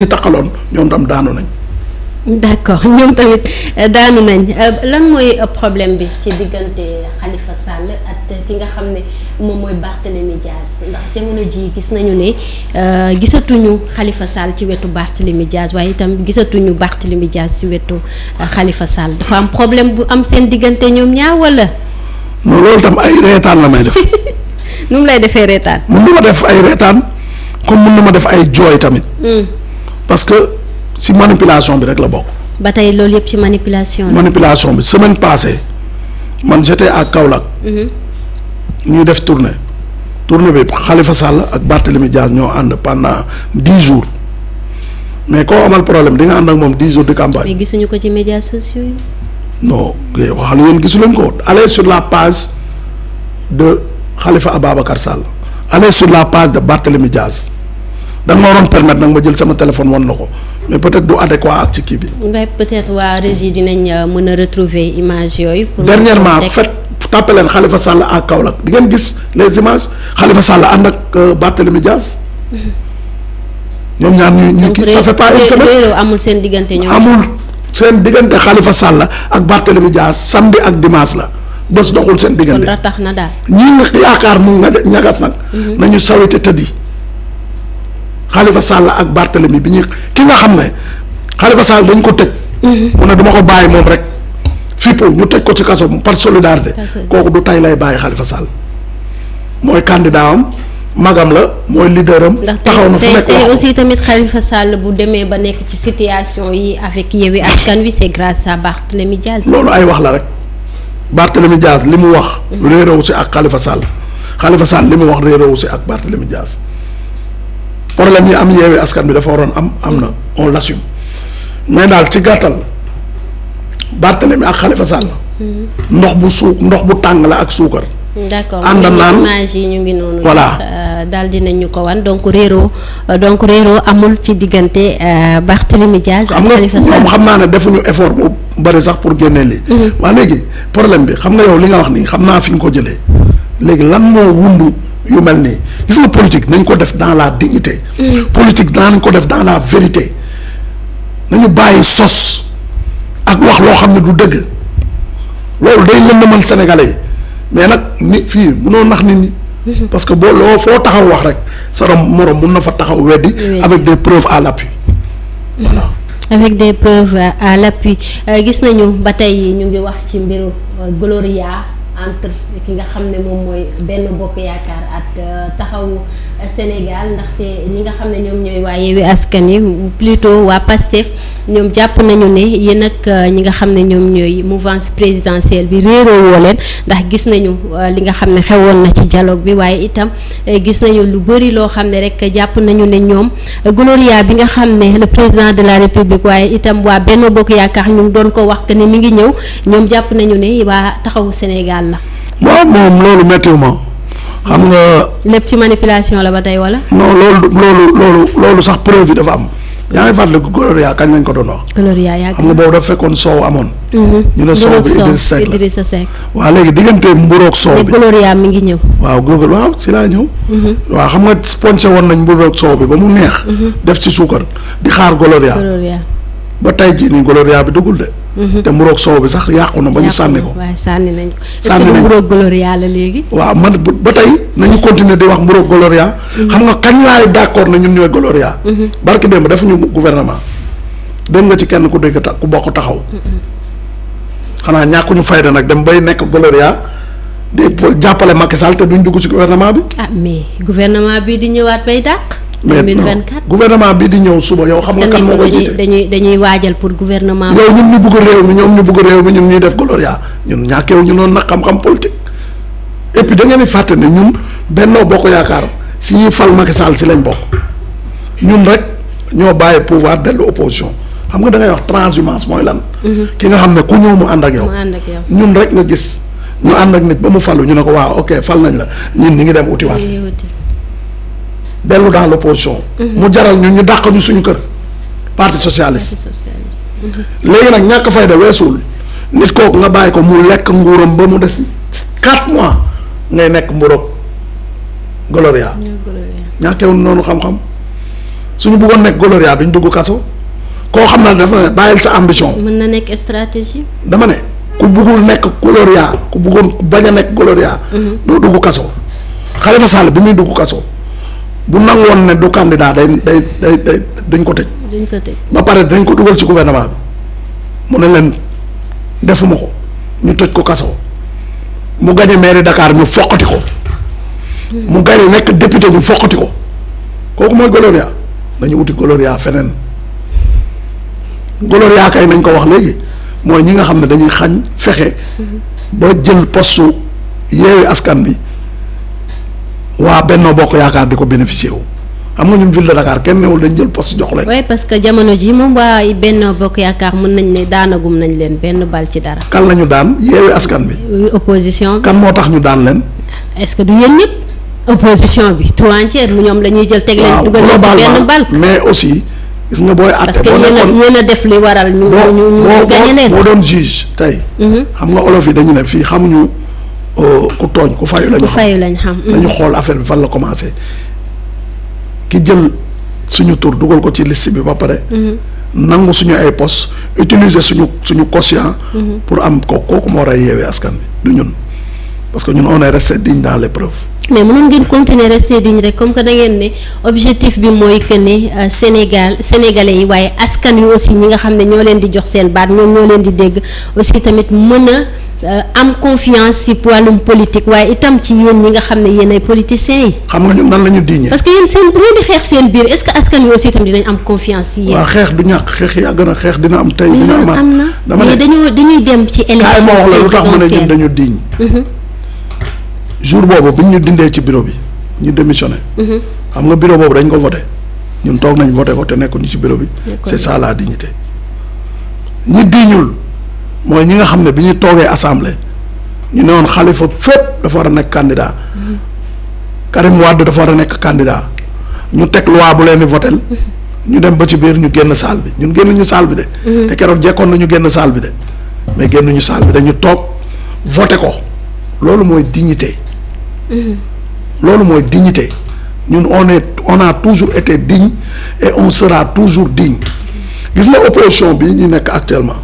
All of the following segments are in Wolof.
ci taxaloon ñoom tam daanu nañ. d'accord ñoom tamit euh, daanu nañ euh, lan mooy euh, problème bi ci diggante xalifa Sall at ki nga xam ne moom mooy Barthélémy Diaz ndax jamono ji gis nañu ne gisatuñu xalifa Sall ci wetu Barthélémy Diaz waaye itam gisatuñu Barthélémy Diaz ci wetu xalifa Sall dafa am problème bu am seen diggante ñoom ñaar wala. non loolu ay reetaan la may def. lay defee reetaan. mun na ma def ay reetaan comme mun na ma def ay jooy tamit. Hmm. parce que si manipulation bi rek la bokk. ba tey loolu yëpp ci manipulation manipulation bi semaine passée man j'étais à Kaolack. Mhm. ñuy def tournée tournée bi Khalifa Sall ak Barthélemy Diaz ñoo ànd pendant dix jours mais koo amal problème di nga ànd ak moom dix jours de campagne. mais gisuñu ko ci médias sociaux yi. non waxal yéen gisu leen ko allez sur la page de Khalifa Ababacar Sall allez sur la page de Barthélemy Diaz. da nga ma waroon permettre nag ma jël sama téléphone woon la ko mais peut-être du adéquat ak ci kii bi. mais peut-être waa régie dinañ euh, mën a retrouver image yooyu. pour dernièrement fait tàppe leen Khalifa Sall à Kaolack di ngeen gis les images Khalifa Sall ànd ak euh, Barthélemy Diaz. ñoom ñaar ñu ñu kii ça fait amul seen diggante ñoom amul seen diggante Khalifa Sall ak Barthélemy Diaz samedi ak dimanche la bés doxul seen diggante. kon tax na daal ñii yaakaar mu ñagas nag. Mhm. nañu sawete tëddi. Khalifa Sall ak Barthélemy bi ñuy ki nga xam ne Khalifa Sall dañ ko teg mhm. mu ne duma ko bàyyi moom rek fippu ñu teg ko ci kaso par solidarité. kooku du tay lay bàyyi Khalifa Sall mooy candidat am magam la mooy leader am. taxaw na fu nekk ndax tey aussi tamit Khalifa Sall bu demee ba nekk ci situation yi avec Yewwi Askan Wi c'est grâce à Barthélemy Diaz. loolu ay wax la rek Barthélemy Diaz li mu wax. Mhm. réerewu si ak Khalifa Sall Khalifa Sall li mu wax réerewu si ak Barthélemy Diaz. problème yi am yeewee askan bi dafa waroon am am na on l'assume mais daal ci gàttal Barthélemy ak Khalifa Sall. Mhm. ndox bu suu ndox bu tàng la ak suukar. d'accord ànd naan image yi ñu voilà euh, daal dinañ ñu ko wan donc réeroo euh, donc réeroo amul ci diggante euh, Barthélemy Diaz ak Khalifa Sall xam naa ne defuñu effort bu bari sax pour génnee lii. Mhm. waa léegi problème bi xam nga yow li nga wax nii xam naa fi nga ko jëlee léegi lan moo wundu. yu mel nii gis nga politique nañ ko def dans la dignité mm. politique nañ ko def dans la vérité nañu bàyyi sos ak wax loo xam ne du dëgg loolu day lëndëmal sénégalais yi mais nag nit fii mënoo nax nit ñi mm-hmm. parce que boo loo foo taxaw wax rek sa morom mun na fa taxaw weddi avec des preuves à l'appui mm-hmm. voilà avec à l'appui euh, gis nañu ba tey ñu ngi wax ci mbiru euh, Gloria entre nga xam ne moom mooy benn bokk yaakaar à taxawu euh, Sénégal ndaxte ñi nga xam ne ñoom ñooy waa Yewwi Askan Wi plutôt waa Pastef ñoom jàpp nañu ne yéen ak euh, ñi nga xam ne ñoom ñooy mouvance présidentielle bi réeroo woo leen ndax gis nañu euh, li nga xam ne xewoon na ci dialogue bi waaye itam gis nañu lu bëri loo xam ne rek jàpp nañu ne ñoom Gloria bi nga xam ne le président de la République waaye itam waa benn Bokk Yaakaar ñu doon ko wax que ne mi ngi ñëw ñoom jàpp nañu ne waa taxawu Sénégal la. xam nga. lépp ci manipulation la ba tey wala. non loolu loolu loolu loolu sax preuve bi dafa am yaa ngi fàttaliku Gloria kañ lañ ko doon wax. Gloria yàgg xam nga boobu dafa fekkoon soow amoon. Mm-hmm. ñu ne soow bi Idrissa Seck la Idrissa Seck waaw léegi diggante mburoog soow bi Gloria mi ngi ñëw. waaw Gloria waaw si laa ñëw. Mm-hmm. waaw xam nga sponsor woon nañ mburoog soow bi ba mu neex. Mm-hmm. def si suukar di xaar Gloria. Gloria. ba tay jii nii gloria bi dugul de. Mhm. te mburoog soow bi sax yàqu na ba ñu sànni ko. waaw sànni nañ ko sànni nañ ko mburoog gloria la léegi. waaw man ba tey nañu mhm. continuer di wax mburoog gloria. Mhm. xam nga kañ laay d'accord na ñun ñooy gloria. barki démb defuñu gouvernement. dem nga ci kenn ku dégg ta ku bokk taxaw. xanaa ñàkkuñu fayda nag dem bay nekk gloria di jàppale Macky Sall te duñ dugg ci gouvernement bi. ah mais gouvernement bi di ñëwaat bay dàq. 2024 gouvernement bi di ñëw suba yow xam nga kan moo ko jiite dañuy dañuy waajal pour gouvernement. yow ñun ñu bëgg réew mi ñoom ñu bëgg réew mi ñun ñuy def gloria ñun ñàkkeew ñu noonu nag xam-xam politique et puis da ngeen di fàtte ne ñun Benno Bokk Yaakaar si ñu fal Macky Sall si lañ bokk ñun rek ñoo bàyyi pouvoir dellu opposition xam nga da ngay wax transhumance mooy lan. Mhm. ki nga xam ne ku ñëw mu ànd ak yow. ñun rek nga gis ñu ànd ak nit ba mu falu ñu ne ko waaw ok fal nañ la ñun ñi ngi dem utiwaat. dellu dans l' opposition. Mhm. mu jaral ñu ñu dàq ñu suñu kër. parti socialiste. Mhm. léegi nag ñàkk fayda weesuwul nit kooku nga bàyyi ko mu lekk nguuram ba mu des quatre mois ngay nekk mburoog Gloria. ñàkkeewul noonu xam-xam suñu bëggoon nekk Gloria duñ dugg kaso koo xam ne dafa ne bàyyil sa ambition. mën na nekk stratégie. dama ne ku bëggul nekk Gloria ku buggoon bañ a nekk Gloria. Mhm. doo dugg kaso Khalifa Sall bi muy dugg kaso. bu nangoon ne du candidat day day day day dañ ko tëj. dañ ko ba pare dañ ko dugal ci gouvernement bi mu ne leen defuma ko ñu tëj ko kaso mu gañe mairie Dakar ñu foqati ko. mu gañe nekk député ñu foqati ko kooku mooy Gloria nañu wuti Gloria feneen Gloria kay nañ ko wax léegi mooy ñi nga xam ne dañuy xañ fexe. ba jël postu yeewi askan bi. waa Benno Bokk Yaakaar di ko bénéficier wu xam nga ñun ville de Dakar kenn newul dañ jël poste jox leen. oui parce que jamono ji moom waa Benno Bokk Yaakaar mën nañ ne daanagum nañ leen benn bal ci dara. kan la ñu daan yeewi askan bi. opposition kan moo tax ñu daan leen. est-ce que du yéen ñëpp. opposition bi tout entière mu ñoom la ñuy jël. teg leen dugal leen benn bal mais aussi. gis nga booy àtte boo nekkoon parce que a def li waral. ñu ñu ñu gañe leen boo doon juge tey. Mhm. xam nga olof yi dañu fii xamuñu. ku tooñ ku fayu lañu xam dañu mm. xool affaire bi fan la commencé ki jël suñu tur dugal ko ci liste bi ba pare. Mm-hmm. nangu suñu ay poste utiliser suñu suñu quotient. Mm-hmm. pour am ko kooku moo war a yeewee askan bi du ñun parce que ñun on est resté digne dans l'épreuve. mais mënoon ngeen continuer resté digne rek comme que da ngeen ne objectif bi mooy que ne euh, Sénégal sénégalais yi waaye askan wi aussi ñi nga xam ne ñoo leen di jox seen baat ñoom ñoo leen di dégg aussi tamit mën Euh, am confiance ci wàllum politique waaye itam ci yéen ñi nga xam ne yéen ay politiciens yi. xam nga ñun nan la ñu diñee. parce que yéen seen bu ngeen di xeex seen biir est-ce que askan wi aussi itam dinañ am confiance ci yéen. waaw xeex du ñàkk xeex yàgg na xeex dina am tay dina amaat am na mais dañoo dañuy dem ci. élection présidentielle lu tax ma ne ñun dañu diñ. Mhm. jour boobu bi ñu dindee ci bureau bi ñu démissionné. Mhm. xam nga bureau boobu dañ ko voté ñun toog nañ voté ko te nekkuñu ci biro bi. c'est ça la dignité ñi diñul mooy ñi nga xam ne bi ñu toogee assemblée ñu ne woon Khalifa fépp dafa war a nekk candidat Karim Wade dafa war a nekk candidat ñu teg loi bu leen di voté ñu dem ba ci biir ñu génn salle bi ñun ñu salle bi de. te keroog jekkoon nañu génn salle bi de mais ñu salle bi dañu toog voté ko loolu mooy dignité. loolu mooy dignité ñun on est on a toujours été digne et on sera toujours digne gis nga opposition bi ñu nekk actuellement.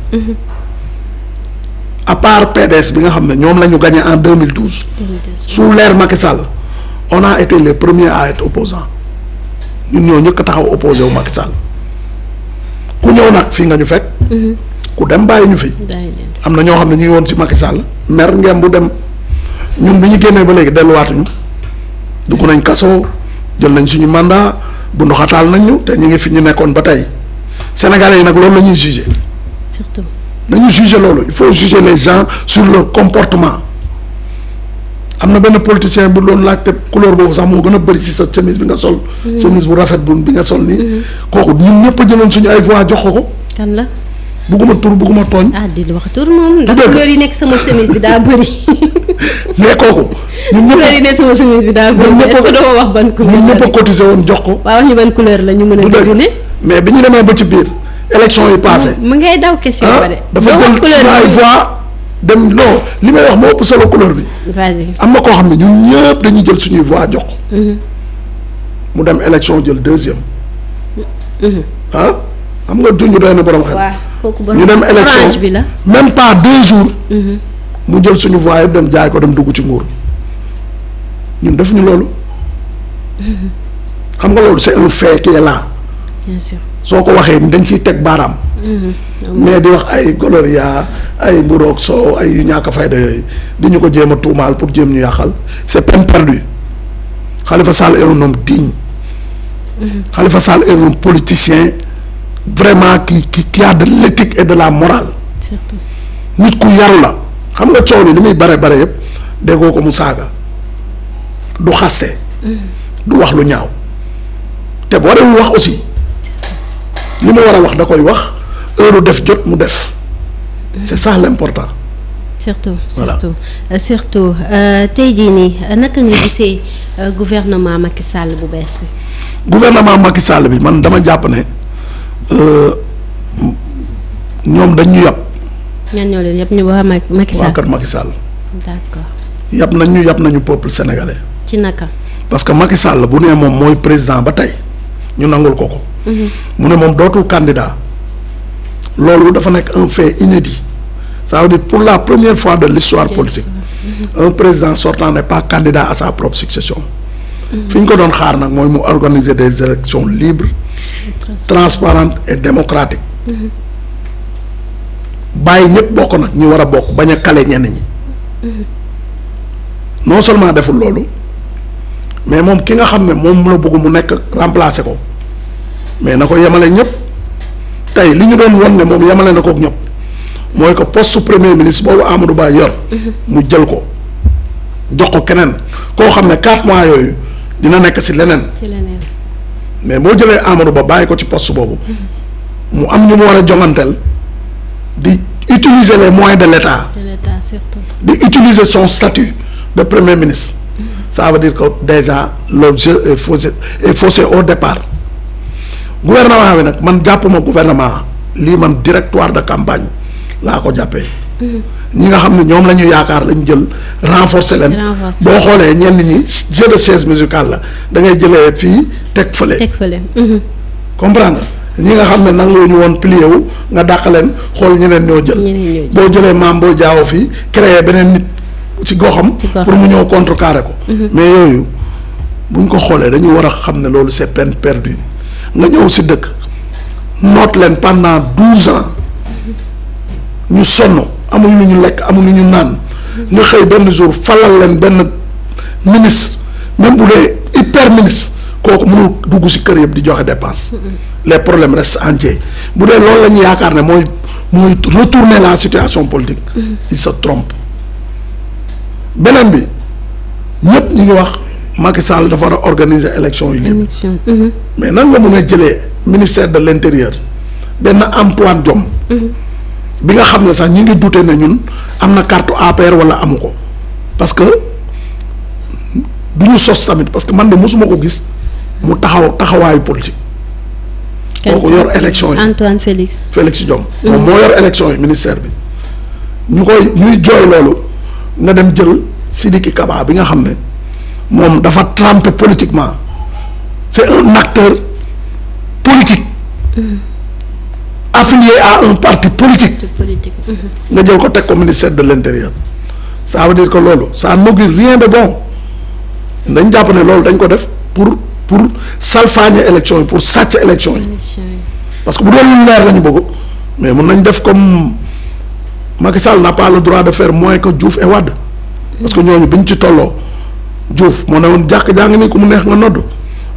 à part PDS bi nga xam ne ñoom la ñu gagné en 2012. 2012 sous l'ère Macky Sall on a été les premiers à être opposants ñun ñoo ñëkk a taxaw opposé wu Macky Sall ku ñëw nag fii nga ñu fekk. Mhm. ku dem bàyyi ñu fi. am na ñoo xam ne ñu ngi woon si Macky Sall mer ngeen bu dem ñun bi ñu génnee ba léegi delluwaatuñu dugg nañ kaso jël nañ suñu mandat bu ndoxataal nañ ñu te ñu ngi fi ñu nekkoon ba tey sénégalais yi nag loolu lañuy ñuy nañu juger loolu il faut juger les gens sur leur comportement am na benn politicien bu doon laajte couleur boobu sax moo gën a bëri si sa chemise bi nga sol. Mm-hmm. chemise bu rafet bu bi nga sol nii. Mm-hmm. kooku ñun ñëpp a jëloon suñu ay jox ko ko. kan la. bugguma tur bugguma tooñ. ah di wax tur moom. ndax couleur yi nekk sama chemise bi daa bëri. mais kooku. ñun ñëpp couleur yi nekk sama chemise bi daa bëri. ñun ñëpp wax ban couleur ñun ñëpp a cotisé woon jox ko. waaw wax ñu la ñu mën a. mais bi ñu demee ba ci biir. élection yi passé. mu ngay daw question ah, dafa jël dem non li may wax moo ëpp solo couleur bi. am na koo xam ne ñun ñëpp dañuy jël suñuy voix jox. Mm-hmm. mu dem élection jël deuxième. Mm-hmm. ah xam nga duñu doy na borom xel. ñu dem élection bi la. même pas deux jours. Mm-hmm. mu jël suñu voix yëpp dem jaay ko dem dugg ci nguur bi ñun def ñu loolu. xam nga loolu c'est un fait qui soo ko waxee dañ ciy teg baaraam. Mm-hmm. mais di wax ay goloria ay mburoog soow ay ñàkk fayda yooyu di ko jéem a tuumaal pour jéem ñu yàqal c'est peine perdue Khalifa Sall est un homme digne. Mm-hmm. Khalifa Sall est politicien vraiment ki ki qui a de et de la morale. nit ku yaru la xam nga coow li li muy bare bare yëpp déggoo ko mu saaga du xaste. Mm-hmm. du wax lu ñaaw te boo dee wax aussi. li ma war a wax da koy wax heure def jot mu def c'est ça l'important surtout voilà. surtout euh, surtout euh, tey jii nii naka nga gisee euh, gouvernement Sall bu bees bi. gouvernement Macky Sall bi man dama jàpp ne euh, ñoom dañ ñu yàpp. ñan ñoo leen yàpp ñu wax Macky Sall Sall. d'accord yàpp nañ ñu yàpp nañu peuple sénégalais. ci naka. parce que Macky Sall bu nee moom mooy président ba tey. ñu nangul ko ko. mu ne moom dootul candidat loolu dafa nekk un fait inédit ça veut dire pour la première fois de l'histoire politique un président sortant n'est pas candidat à sa propre succession. fi ñu ko doon xaar nag mooy mu organiser des élections libres transparentes et démocratiques. bàyyi ñëpp bokk nag ñi war a bokk bañ a kale ñenn ñi. Mhm. non seulement deful loolu. mais moom ki nga xam ne moom la bëgg mu nekk remplacer ko mais na ko yemale ñëpp tey li ñu doon won ne moom yemale na ko ak ñëpp mooy que poste su premier ministre boobu Amadou Ba yor. mu jël ko jox ko keneen koo xam ne quatre mois yooyu dina nekk si leneen. mais boo jëlee Amadou Ba bàyyi ko ci poste boobu. mu am ñu mu war a jonganteel di utiliser les moyens de l' état. de l' di utiliser son statut de premier ministre. ça veut dire que déjà le jeu est faussé est faussé au départ gouvernement bi nag man jàppuma gouvernement lii man directoire de campagne laa ko jàppee. Mhm. ñi nga xam ne ñoom la ñu yaakaar lañu jël renforcer leen. boo xoolee ñenn ñi jeu de chaise musicale la da ngay jëlee fii teg fële. teg fële. Mhm. comprendre ñi nga xam ne nangu ñu woon plié wu nga dàq leen xool ñeneen ñoo jël. boo jëlee maam boo jaawoo fii créer beneen nit. ci goxam pour mu ñëw contrecarrer ko mhm. mais yooyu buñ ko xoolee dañu war a xam ne loolu c'est peine perdue nga ñëw si dëkk noot leen pendant douze ans ñu sonn amuñ lu ñu lekk amuñ lu ñu naan nga xëy benn jour falal leen benn ministre même bu dee hyper ministre kooku mënul dugg si kër yëpp di joxe dépense mhm. les problème restent entiers bu dee loolu lañu yaakaar ne mooy mooy retourner la situation politique mhm. il se trompe beneen bi ñëpp ñu ngi wax Macky Sall dafa war a organiser élection yu libre mhm. mais nan nga mën a jëlee ministère de l' intérieur benn Antoine Diome mhm. bi nga xam ne sax ñu ngi dute ne ñun am na carte APR wala amu ko parce que du ñu sos tamit parce que man de mosuma ko gis mu taxaw taxawaayu politique. kooku yor élection yi Antoine Félix. Félix Diome mhm. moom moo yor élection yi ministère bi ñu koy ñuy jooy loolu. nga dem jël Sidiki Kaba bi nga xam ne moom dafa trempé politiquement c'est un acteur politique mm-hmm. affilié à un parti politique mm-hmm. nga jël ko teg ko ministère de l'intérieur ça veut dire ko loolu ça n'augure rien de bon dañ jàpp ne loolu dañ ko def pour pour salfaañe élection yi pour sàcc élection yi parce que bu doon lu leer lañu bëgg mais mun nañ def comme Macky Sall n'a pas le droit de faire moins que Diouf et Wade parce que ñooñu bi ñu ci tolloo Diouf moo ne woon jàkk jàng ni ko mu neex nga nodd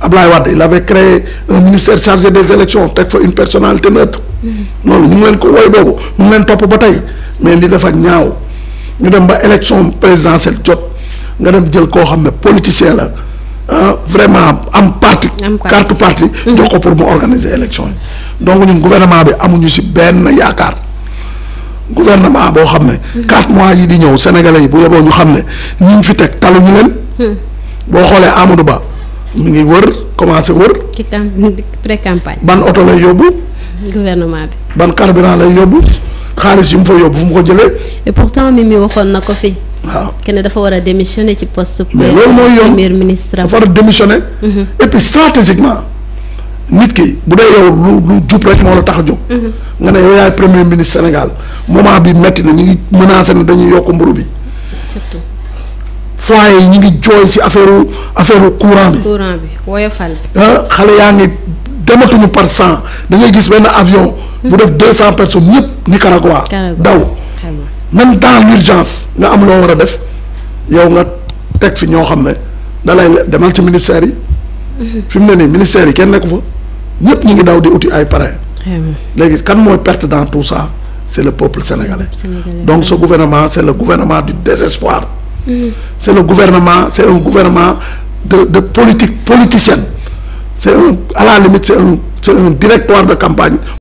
Ablaye Wade il avait créé un ministère chargé des élections teg fa une personnalité neutre loolu ñu ngi leen ko woy boobu ñu ngi leen topp ba tey mais li dafa ñaaw ñu dem ba élection présidentielle jot nga dem jël koo xam ne politicien la ah, vraiment am parti carte parti jox ko pour mu organiser élection yi donc ñun gouvernement bi amuñu si benn yaakaar gouvernement boo xam ne. quatre mois yi di ñëw sénégalais yi bu yeboo ñu xam ne ñu fi teg talu ñu leen. boo xoolee Amadou Ba ñu ngi wër commencé wër. ci tam pré campagne. ban oto lay yóbbu. gouvernement bi. ban carburant lay yóbbu. xaalis yu mu fa yóbbu fu mu ko jëlee. et pourtant mi mi waxoon na ko fi. waaw kenn dafa war a démissionner ci poste. mais loolu mooy yoon premier ministre dafa war a démissionner. Mm-hmm. et puis stratégiquement. nit ki bu dee yow lu lu jub rek moo la tax a jóg. Mm-hmm. nga ne yow yaay premier ministre Sénégal moment bi métti na ñu ngi menacé ne dañuy yokk mburu bi. surtout. yi ñu ngi jooy si affaire affaire courant bi. courant bi woyofal. Ah, xale yaa ngi dematuñu par cent da ngay gis benn avion. bu def mm-hmm. deux cent personnes ñëpp Nicaragua. daw même dans l'urgence nga am loo war a def yow nga teg fi ñoo xam ne da lay demal ci ministère yi. Mm-hmm. fi mu ne nii ministère yi kenn nekku fa. ñëpp ñu ngi daw di uti ay parrain eh léegi kan mooy perte dans tout ça c' est le peuple sénégalais donc ce gouvernement c' est le gouvernement du désespoir mm. c' est gouvernement c' est un gouvernement de de politique politicienne c' est un à la limite un c' directoire de campagne